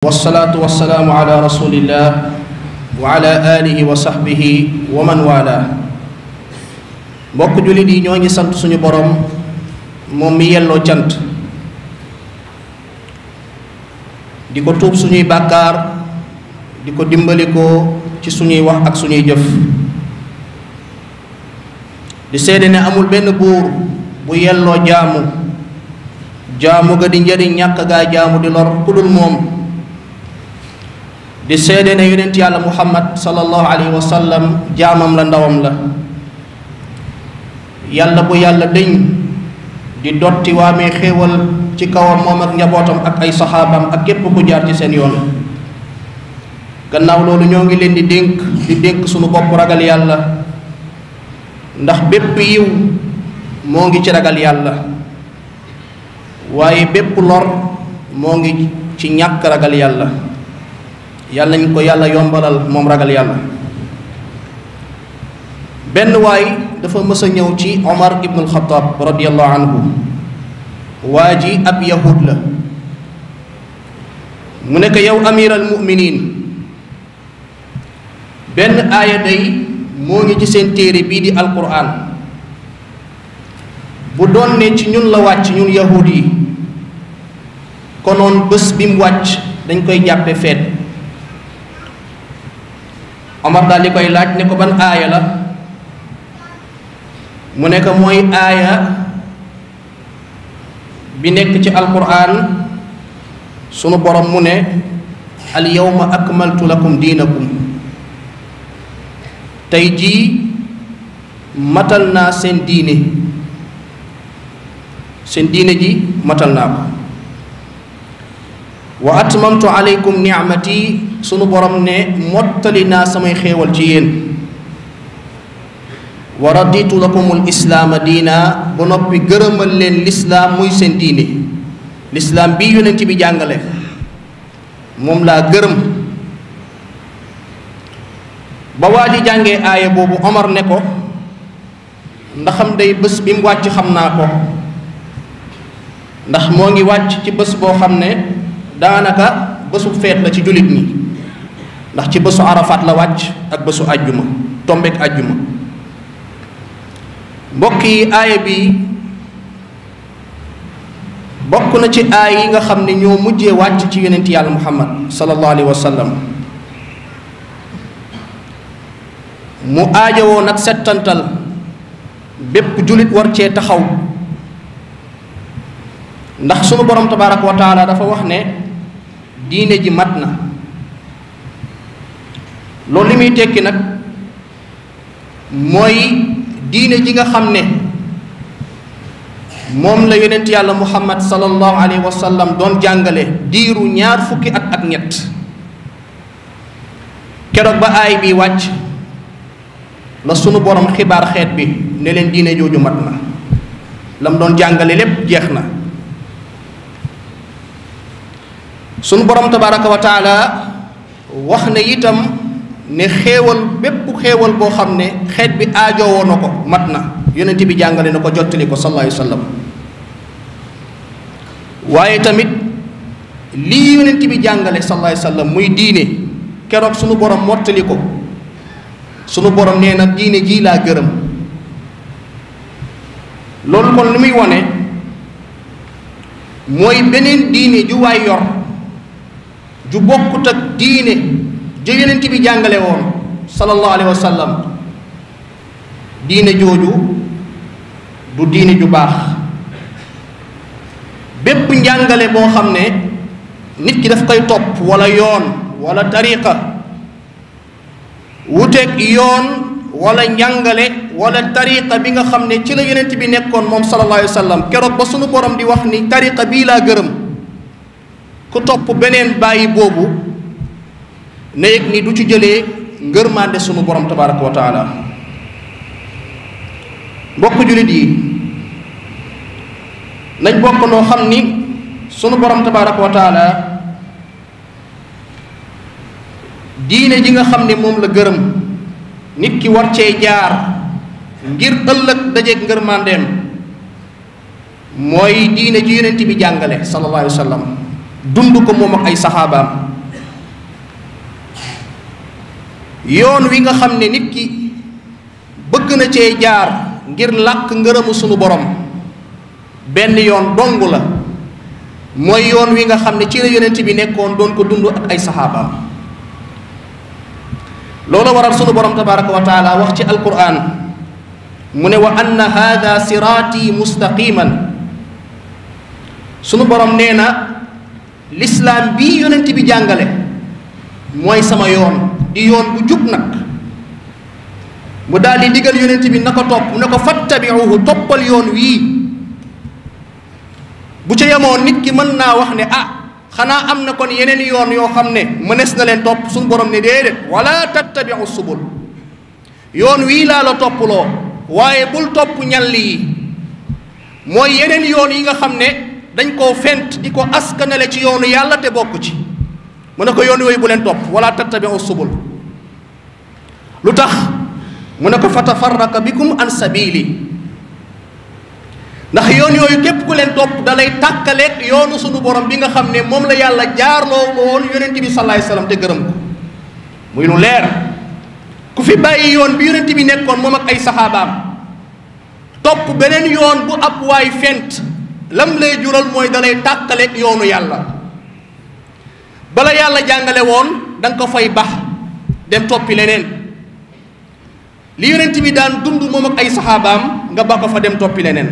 والصلاة والسلام على رسول الله وعلى آله وصحبه ومن والاه mbokk julit yi ñoo ngi sant suñu borom moom mi yelloo cant di ko tuub suñuy bàkkaar di ko dimbalikoo ci suñuy wax ak suñuy jëf di seede amul benn bu yelloo jaamu jaamu ga di njëriñ di lor ku di seede ne yonent yàlla muhammad sallallahu alayhi wa sallam jaamam la ndawam la yàlla bu yàlla dëñ di dotti waamee xéewal ci kawam moom ak njabootam ak ay saxaabam ak képp ku jaar ci seen yoon gannaaw loolu ñoo ngi leen di dénk di dénk sunu bopp ragal yàlla ndax bépp yiw moo ngi ci ragal yàlla waaye bépp lor moo ngi ci ñàkk ragal yàlla yàlla nañ ko yàlla yombalal moom ragal yàlla benn waay dafa mës a ñëw ci Omar ibn al-Khattab anhu waa ji ab yahud la mu ne ko yow amir al benn aaya day moo ngi ci seen téere bii di alquran bu doon ne ci ñun la wàcc ñun yahud yi konoon bés bi mu wàcc dañ koy jàppe feet Omar daal di koy laaj ne ko ban aaya la mu nekk mooy aaya bi nekk ci alquran sunu borom mu ne al yawma akmaltu lakum diinakum tey jii matal naa seen diine seen diine ji matal naa ko wa atmamtu aleykum niamati sunu borom ne mottali naa samay xéewal ci yéen wa raditu lakumul islaama diina ba noppi gërëmal leen lislaam muy seen diine lislaam bii yonent bi jàngale moom laa gërëm ba waa ji jàngee aaya boobu Omar ne ko ndaxam day bés bi mu wàcc xam naa ko ndax moo ngi wàcc ci bés boo xam ne daanaka bésu feet la ci jullit ñi ndax ci bésu arafaat la wàcc ak bésu àjjuma tombeek àjjuma mbokk yi aaya bi bokk na ci aay yi nga xam ne ñoo mujjee wàcc ci yonent yàlla muhammad sallallahu alayhi wa sallam mu aajowoo nag settantal bépp jullit war cee taxaw ndax sunu boroom tabaaraka wa dafa wax ne diine ji mat na loolu li muy tekki nag mooy diine ji nga xam ne moom la yonent yàlla muhammad sallallahu alayhi wa sallam doon jàngale diiru ñaar fukki at ak ñett keroog ba aay bi wàcc la sunu boroom xibaar xeet bi ne leen diine jooju mat na lam doon jàngale lépp jeex na sunu borom tabaraka wa taala wax ne itam ne xewal bépp xewal bo xamne xet bi aajowoo na ko mat na bi jàngale nako jotali ko sallallahu alayhi wasallam waye tamit li yonenti bi jàngale sallallahu alayhi wasallam muy diine kérok sunu borom motali ko sunu borom neena diine ji la gërëm lolou kon limuy wone moy benen diine ju way yor ju bokkut ak diine ju yonent bi jàngale woon sallallahu alayhi sallam diine jooju du diine ju baax bépp njàngale boo xam ne nit ki daf koy topp wala yoon walla tariqa wuteeg yoon wala njàngale wala tariqa bi nga xam ne ci la yonent bi nekkoon moom sallallahu alayhi wa sallam keroog ba sunu borom di wax ni tariqa bii laa gërëm ku topp beneen bàyyi boobu na yëg ni du ci jëlee ngërmande sunu borom tabaraka wa taala mbokk jullit yi nañ bokk noo xam ni sunu borom tabaraka wa taala diine ji nga xam ni moom la gërëm nit ki war cee jaar ngir ëllëg dajeeg ngërmandeem mooy diine ji yeneen bi jàngale sallallahu alayhi wa sallam dund ko moom ak ay saxaabaam yoon wi nga xam ne nit ki bëgg na cee jaar ngir làkk ngërëmu sunu borom benn yoon dong la mooy yoon wi nga xam ne ci la yonent bi nekkoon doon ko dund ak ay saxaabaam loolu waral sunu borom tabaraka wa taala wax ci alquran mu ne wa anna hada siraati mustaqiman sunu borom nee na lislaam bii yonent bi jàngale mooy sama yoon di yoon bu jub nag mu daldi di digal yonent bi na ko topp ne ko fattabiuhu toppal yoon wii bu ci yemoon nit ki mën naa wax ne ah xanaa am na kon yeneen yoon yoo xam ne mënees na leen topp suñu borom ne déedéet wala tattabiu subul yoon wii laa la toppaloo waaye bul topp ñall yi mooy yeneen yoon yi nga xam ne dañ koo fent di ko askanale ci yoonu yàlla te bokk ci mu ne ko yoon yooyu bu leen topp wala tattabiu subul lu tax mu ne ko fatafarraka bikum an sabili ndax yoon yooyu képp ku leen topp da lay tàkkaleeg yoonu sunu borom bi nga xam ne moom la yàlla jaarloo woon yonent bi salaay salaam te gërëm ko muy lu leer ku fi bàyyi yoon bi yonent ay saxaabaam topp beneen yoon bu ab waay fent lam lay jural mooy dalay tàqaleeg yoonu yàlla bala yàlla jàngale woon danga ko fay bax dem toppi leneen li yonent bi daan dund moom ak ay saxaabaam nga ba ko fa dem toppi leneen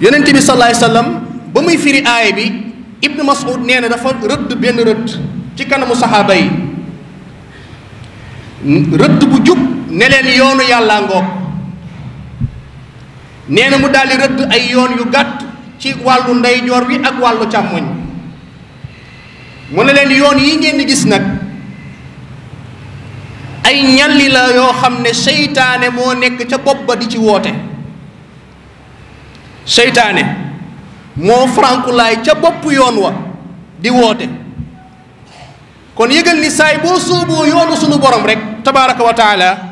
yonent bi salaay alayhi wasallam ba muy firi aaya bi ibnu mas'ud nee na dafa rëdd benn rëdd ci kanamu saxaaba yi rëdd bu jub ne yoonu yàllaa ngoom nee na mu daal di rëdd ay yoon yu gàtt ci wàllu ndeyjoor bi ak wàllu càmmoñ mu ne leen yoon yi ngeen di gis nag ay ñalli la yoo xam ne seytaane moo nekk ca bopp ba di ci woote seytaane moo farankulaay ca bopp yoon wa di woote kon yëgal ni saay boo sóoboo yoonu sunu borom rek tabaaraka wa taala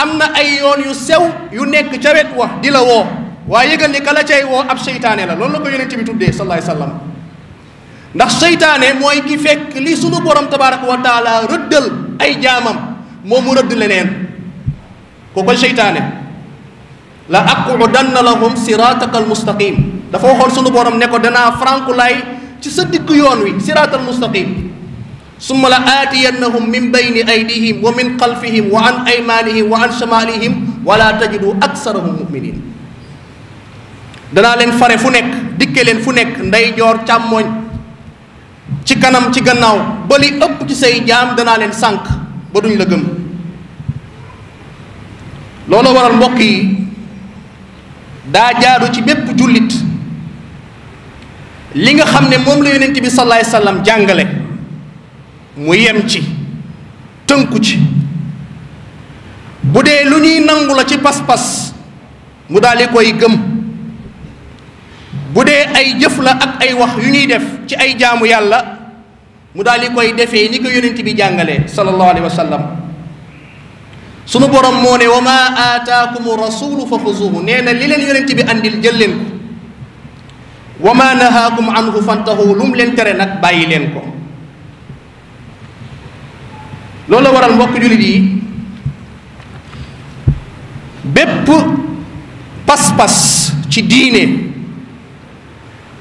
am na ay yoon yu sew yu nekk ca wet wax di la woo waaye yëgal ni ka la cay woo ab seytaane la loolu na ko yonent bi tuddee sallallahu alayhi ndax seytaane mooy ki fekk li sunu borom tabaaraka wa taala rëddal ay jaamam moom mu rëdd leneen ko ko seytaane la aqudanna lahum sirataka almustaqim dafa waxoon sunu borom ne ko danaa franku lay ci sa digg yoon wi siratal mustaqim ثم لآتينهم من بين أيديهم ومن خلفهم وعن أيمانهم وعن شمالهم ولا تجد أكثرهم مؤمنين danaa leen fare fu nekk dikke leen fu nekk ndey joor càmmooñ ci kanam ci gannaaw ba li ëpp ci say jaam danaa leen sànq ba duñ la gëm loolu waral mbokk yi daa jaadu ci bépp jullit li nga xam ne moom la yonent bi salaay sallam jàngale mu yem ci tënku ci bu dee lu ñuy nangu la ci pas-pas mu daal di koy gëm bu dee ay jëf la ak ay wax yu ñuy def ci ay jaamu yàlla mu daal yi koy defee ni ko yonent bi jàngalee sallallahu alayhi wa sallam sunu borom moo ne wa ma aataakumu rasulu fa xuzuhu nee na li leen yonent bi andil jël leen ko wa ma nahaakum anhu fantahu lu mu leen tere nag bàyyi leen ko loolu waral mbok julit yi bepp pass pass ci diine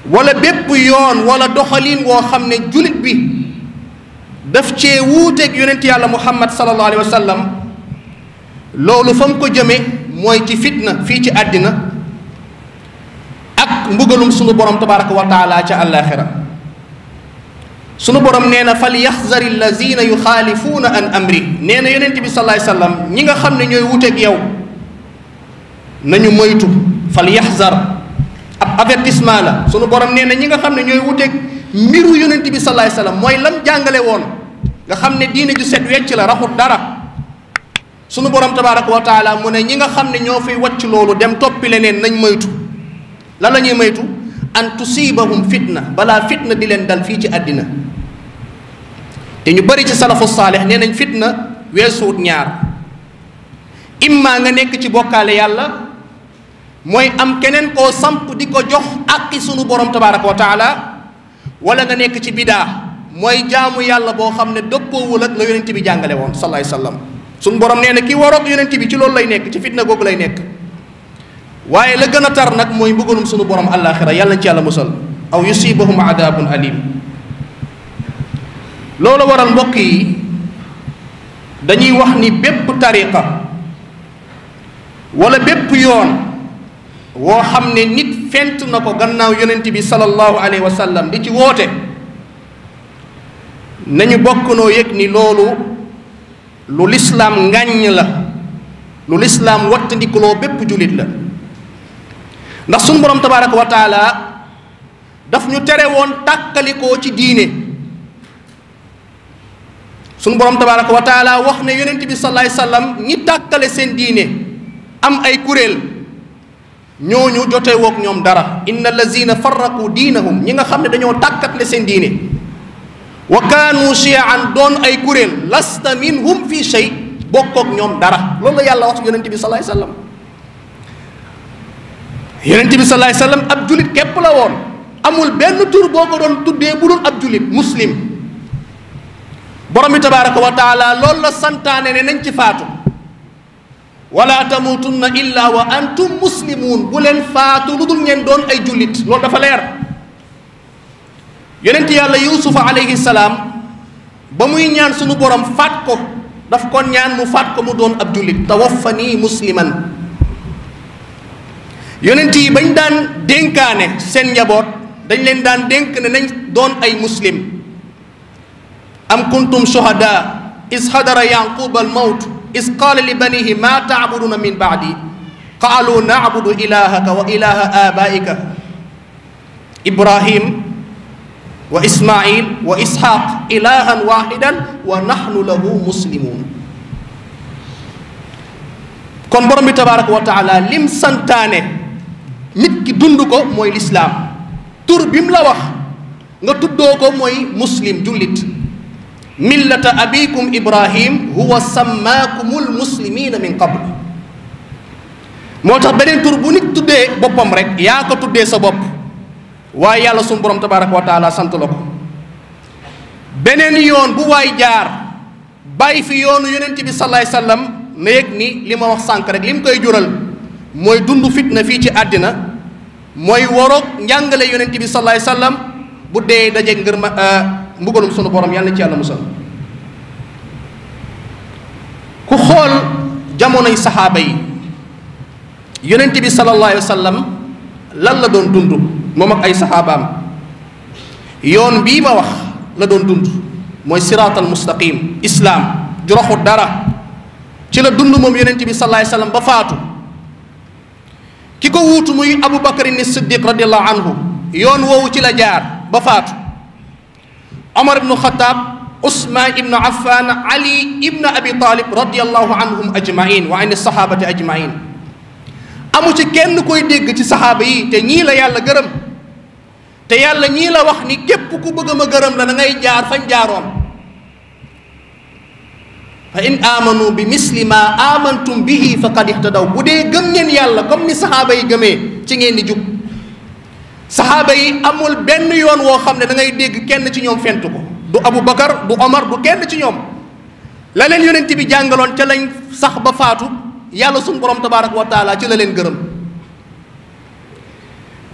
wala bépp yoon wala doxalin wo xamne julit bi daf ci wute ak yonent yàlla muhammad sallallahu alaihi wasallam lolu fam ko jëme moy ci fitna fi ci adina ak mbugalum sunu borom tabaaraku wa taala ci al-akhirah sunu borom neena fal yaxzari allazeena yukhalifuna an amri neena na yonent sallallahu alayhi wasallam ñi nga xamne ñoy wutek yow nañu moytu fal yahzar ab avertissement la sunu borom neena ñi nga xamne ñoy wutek miru mbiru yonent sallallahu alayhi wasallam moy lam jàngale won nga xamne ne diine ju set wetch la raxut dara sunu borom tabaraka wa taala mu ne ñi nga xamne ne ñoo fiy wàcc loolu dem topi leneen nañ moytu lan lañuy moytu an tusibahum fitna balaa fitna di leen dal fii ci àddina te ñu bari ci salafu saalix nee nañ fitna weesuut ñaar imma nga nekk ci bokkaale yàlla mooy am keneen koo samp di ko jox àqi sunu borom tabaaraka wa taala nga nekk ci bidaa mooy jaamu yàlla boo xam ne dëppoowul ak la yonent bi jàngale woon salaay sallam sunu borom nee na ki waroog yonent bi ci loolu lay nekk ci fitna googu lay nekk waaye la gën a tar nag mooy mbugalum sunu borom àllaaxira yàlla nañ ci yàlla musal aw yusibahum adabun alim loolu waral mbokk yi dañuy wax ni bépp tariqa wala bépp yoon woo xam ne nit fent na ko gannaaw yonent bi sallallahu alayhi wa sallam di ci woote nañu bokk noo yëg ni loolu lu lislaam ngàññ la lu lislaam wattandikuloo bépp jullit la ndax sunu borom tabaraka wa taala daf ñu tere woon tàkkalikoo ci diine suñu borom tabaaraku wa taala wax ne tibi sallallahu alayhi wasallam ñi takale seen diine am ay kurel ñoñu jotey wok ñom dara innal allazina farraqu diinahum ñi nga xamne ne dañoo tàkkatle seen diine wa kanu shi'an don ay kurel lasta minhum fi shay bokkoog ñom dara loolu la yàlla wax sallallahu alayhi wasallam yenen tibi sallallahu alayhi wasallam ab julit kep la won amul ben tour boko don tuddé budul ab julit muslim borom bi tabaraka wa taala loolu la santaane ne nañ ci faatu wala tamutunna illa wa antum muslimuun bu leen faatu lu dul ngeen doon ay jullit loolu dafa leer yonent yàlla yuusufa alayhi salaam ba muy ñaan sunu borom faat ko daf ko ñaan mu faat ko mu doon ab jullit tawaffani musliman yonent yi bañ daan dénkaane seen njaboot dañ leen daan dénk ne nañ doon ay muslim أم كنتم شهداء إذ حضر يعقوب الموت إذ قال لبنيه ما تعبدون من بعدي قالوا نعبد إلهك وإله آبائك إبراهيم وإسماعيل وإسحاق إلها واحدا ونحن له مسلمون كون borom bi tabaraka wa taala lim santaane nit ki dund ko mooy lislaam tur bi nga tuddoo ko mooy muslim julit millata abikum ibrahim huwa sammaakumul muslimina min qabl moo tax beneen tur bu nit tuddee boppam rek yaa ko tuddee sa bopp waaye yàlla sunu borom tabaraka wa taala sant la ko beneen yoon bu waay jaar bàyyi fi yoonu yonent bi salaay sallam na yëg ni li ma wax sànq rek li mu koy jural mooy dund fitna fii ci àddina mooy waroog njàngale yonent bi salaay sallam bu dee dajeeg ngir ma euh, mbugalum sunu borom yàlla ci yàlla musal ku xol jamono sahaba yi yonent bi sallallahu alayhi wasallam lan la don dundu mom ak ay saxaabaam yon bi ma wax la don dundu moy siratal mustaqim ju roxu dara ci la dundu mom yonent bi sallallahu alayhi wasallam ba faatu kiko wutu muy abu bakarin siddiq radiyallahu anhu yon wowu ci la jaar ba faatu omar ibnu xataab usman ibnu affan ali ibnu abi talib radiallahu anhum ajmain wa an sahabati ajmain amu ci kenn koy dégg ci saxaaba yi te ñii la yàlla gërëm te yàlla ñii la wax ni képp ku bëgg ma gërëm la da ngay jaar fañ jaaroon fa in amanu bi misli ma amantum bihi faqad ihtadaw bu dee gëm ngeen yàlla comme ni saxaaba yi gëmee ci ngeen di jub saxaaba yi amul benn yoon woo xam ne dangay dégg kenn ci ñoom fent ko du Abu Bakar du Omar du kenn ci ñoom la leen yonent bi jàngaloon ca lañ sax ba faatu yàlla suñu borom tabaaraka wa taala ci la leen gërëm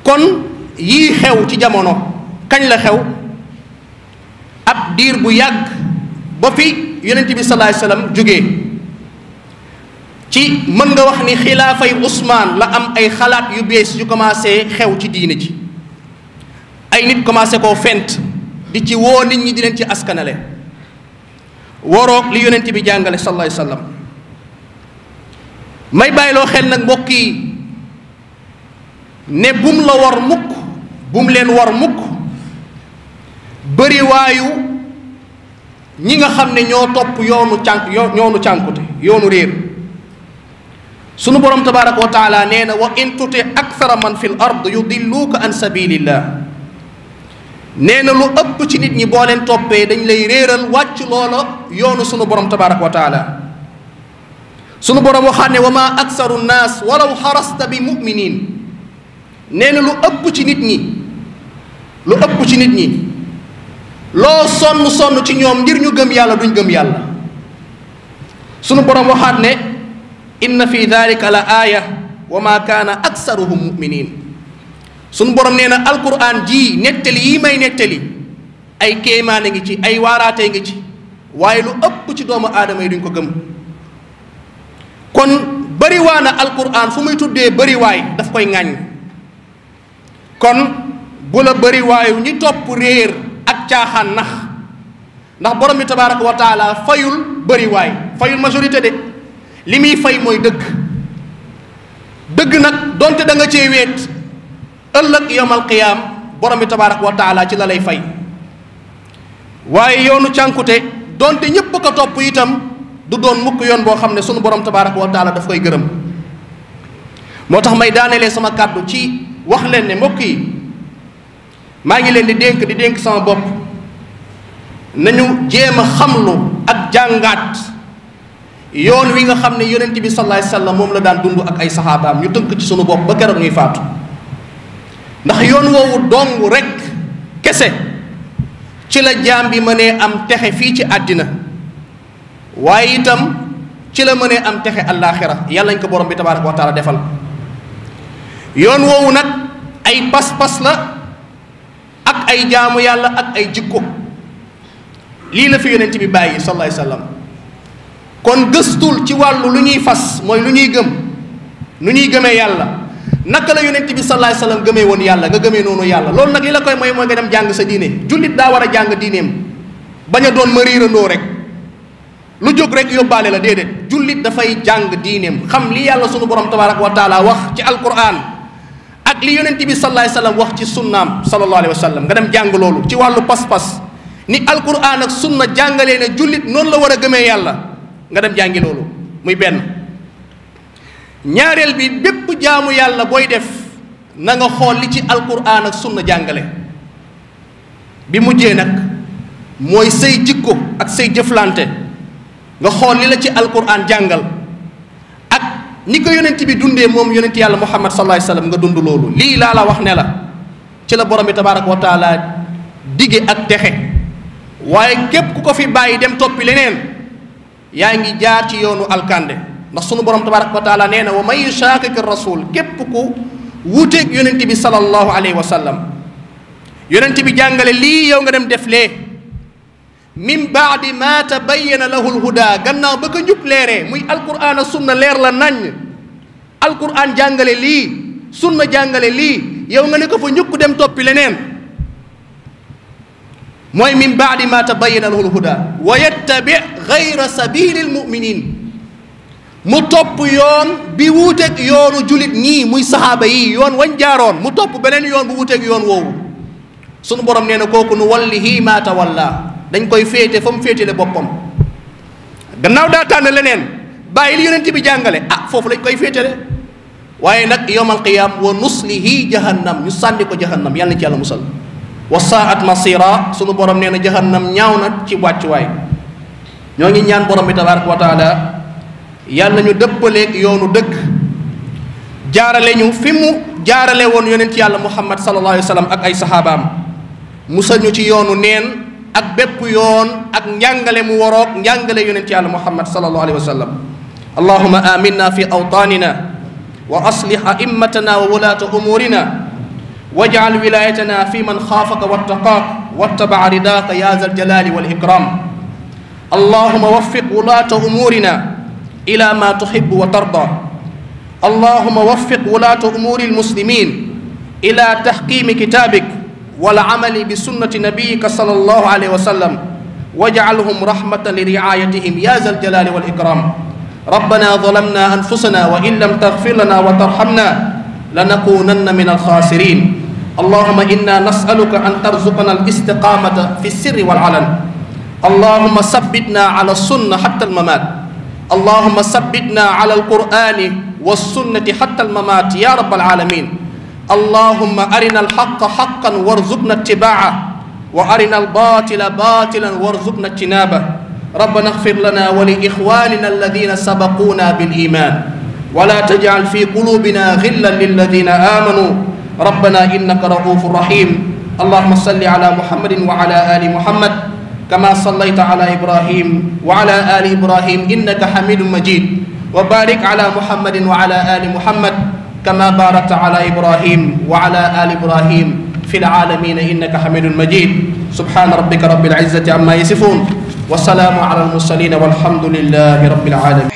kon yii xew ci jamono kañ la xew ab diir bu yàgg ba fi yonent bi sallallahu alayhi wasallam ci mën nga wax ni xilaafay Usmaan la am ay xalaat yu bees yu commencé xew ci diine ji ay nit commencé koo fent di ci woo nit ñi di ci askanale waroog li yonent bi jàngale sallallahu alayhi may bàyyiloo xel nag mbokk yi ne bum la war mukk bum leen war mukk bëriwaayu ñi nga xam ne ñoo topp yoonu cànk yoonu cànkute yoonu réer sunu borom tabaraka wa nee na wa in tuti akthara man fi l ard yudilluuka an sabilillah nee na lu ëpp ci nit ñi boo leen toppee dañu lay réeral wàcc loola yoonu sunu borom tabaaraka wa taala sunu borom waxaat ne wa maa aksaru naas walaw xarasta bi muminin nee na lu ëpp ci nit ñi lu ëpp ci nit ñi loo sonn sonn ci ñoom ngir ñu gëm yàlla duñ gëm yàlla sunu borom waxaat ne inna fi dalika la aaya wa maa kaana aksaruhum muminin suñ borom nee na alquran jii nettali yi may nettali ay a ngi ci ay waaraatee ngi ci waaye lu ëpp ci doomu aadama yi duñ ko gëm kon bariwaana na alquran fu muy tuddee bëriwaay daf koy ŋàññ kon bu ñi topp ak caaxaan nax ndax borom bi tabaaraka wa taala fayul bëriwaay fayul majorité de li muy fay mooy dëgg dëgg nag donte da nga cee weet ëllëg yowmal qiyaam borom bi tabaaraka wa taala ci la lay fay waaye yoonu cànkute donte ñépp ko topp itam du doon mukk yoon boo xam ne sunu borom tabaaraka wa taala daf koy gërëm moo tax may daanelee sama kàddu ci wax leen ne mbokk yi maa ngi leen di dénk di dénk sama bopp nañu jéem a xamlu ak jàngaat yoon wi nga xam ne yonent bi sallallahu alayhi wasallam moom la daan dund ak ay saxaabaam ñu tënk ci sunu bopp ba keroog ñuy faatu ndax yoon woowu dong rekk kese ci la jaam bi mënee am texe fii ci àddina waaye itam ci la mënee am texe àllaaxira yàlla ñu ko borom bi tabaaraka wa taala defal yoon woowu nag ay pas-pas la ak ay jaamu yàlla ak ay jikko lii la fi yonent bi bàyyi sallallahu alayhi wa kon gëstul ci wàllu lu ñuy fas mooy lu ñuy gëm lu ñuy gëmee yàlla naka la yonent bi sallallahu alayhi wasallam gëmee woon yàlla nga gëmee noonu yàlla loolu nag li la koy mooy mooy nga dem jàng sa diine jullit daa war a jàng diineem bañ a doon ma riirandoo rek lu jóg rek yóbbaale la déedéet jullit dafay jàng diineem xam li yàlla sunu borom tabaaraka wa taala wax ci alquran ak li yonent bi sallallahu alayhi wasallam wax ci sunnaam sallallahu alayhi wasallam nga dem jàng loolu ci wàllu pas-pas ni alquran ak sunna jàngalee ne jullit noonu la war a gëmee yàlla nga dem jàngi loolu muy benn ñaareel bi bépp jaamu yàlla booy def nanga xool li ci alquran ak sunna jàngale bi mujjee nag mooy say jikko ak say jëflante nga xool li la ci alquran jàngal ak ni ko yonent bi dundee moom yonent yàlla muhammad sallallahu alayhi wasallam nga dund loolu lii laa la wax ne la ci la borom bi tabaaraka wa taala dige ak texe waaye képp ku ko fi bàyyi dem toppi leneen yaa ngi jaar ci yoonu alkande ndax sunu borom tabaraka wa taala neena wa may man ar rasul kep ku wute ak yonenti bi sallallahu alayhi wa sallam yonenti bi jàngale li yow nga dem def le min ba'd ma tabayyana lahu al-huda ganna ba ko njub lere muy al-qur'an ak sunna leer la nañ quran jàngale li sunna jàngale li yow nga ne ko fa njukk dem topi lenen moy min ba'd ma tabayyana lahu al-huda wa yattabi ghayra sabilil mu'minin mu topp yoon bi wuuteeg yoonu julit ñii muy saxaaba yi yoon wañ jaaroon mu topp beneen yoon bu wuuteeg yoon woowu sunu borom nee na kooku nu wallihi ma tawalla dañ koy féete fa mu féetele boppam gannaaw daa tànn leneen bàyyi li yonent bi jàngale ah foofu lañ koy féetele waaye nag yawmal qiyaam wa nuslihi jahannam ñu sànni ko jahannam yàlla na ci yàlla musal wa at masira sunu borom nee na jahannam ñaaw na ci wàccuwaay ñoo ngi ñaan borom bi yàlla ñu deppale ak yoonu deug jaarale ñu fimu jaarale won yonent yàlla muhammad sallallahu alaihi wasallam ak ay sahabaam musal ñu ci yoonu neen ak bépp yoon ak ñangalé mu worok ñangalé yonent yàlla muhammad sallallahu alaihi wasallam allahumma aminna fi awtanina wa aslih aimmatana wa wulata umurina واجعل ولايتنا في من خافك واتقاك واتبع رضاك يا ذا الجلال والإكرام اللهم وفق ولاة أمورنا إلى ما تحب وترضى اللهم وفق ولاة أمور المسلمين إلى تحكيم كتابك والعمل بسنة نبيك صلى الله عليه وسلم واجعلهم رحمة لرعايتهم يا ذا الجلال والإكرام ربنا ظلمنا أنفسنا وإن لم تغفر لنا وترحمنا لنكونن من الخاسرين اللهم إنا نسألك أن ترزقنا الاستقامة في السر والعلن اللهم ثبتنا على السنة حتى الممات اللهم ثبتنا على القرآن والسنة حتى الممات يا رب العالمين اللهم أرنا الحق حقا وارزقنا اتباعه وأرنا الباطل باطلا وارزقنا اجتنابه ربنا اغفر لنا ولإخواننا الذين سبقونا بالإيمان ولا تجعل في قلوبنا غلا للذين آمنوا ربنا إنك رؤوف رحيم اللهم صل على محمد وعلى آل محمد كما صليت على إبراهيم وعلى آل إبراهيم إنك حميد مجيد وبارك على محمد وعلى آل محمد كما باركت على إبراهيم وعلى آل إبراهيم في العالمين إنك حميد مجيد سبحان ربك رب العزة عما يصفون والسلام على المرسلين والحمد لله رب العالمين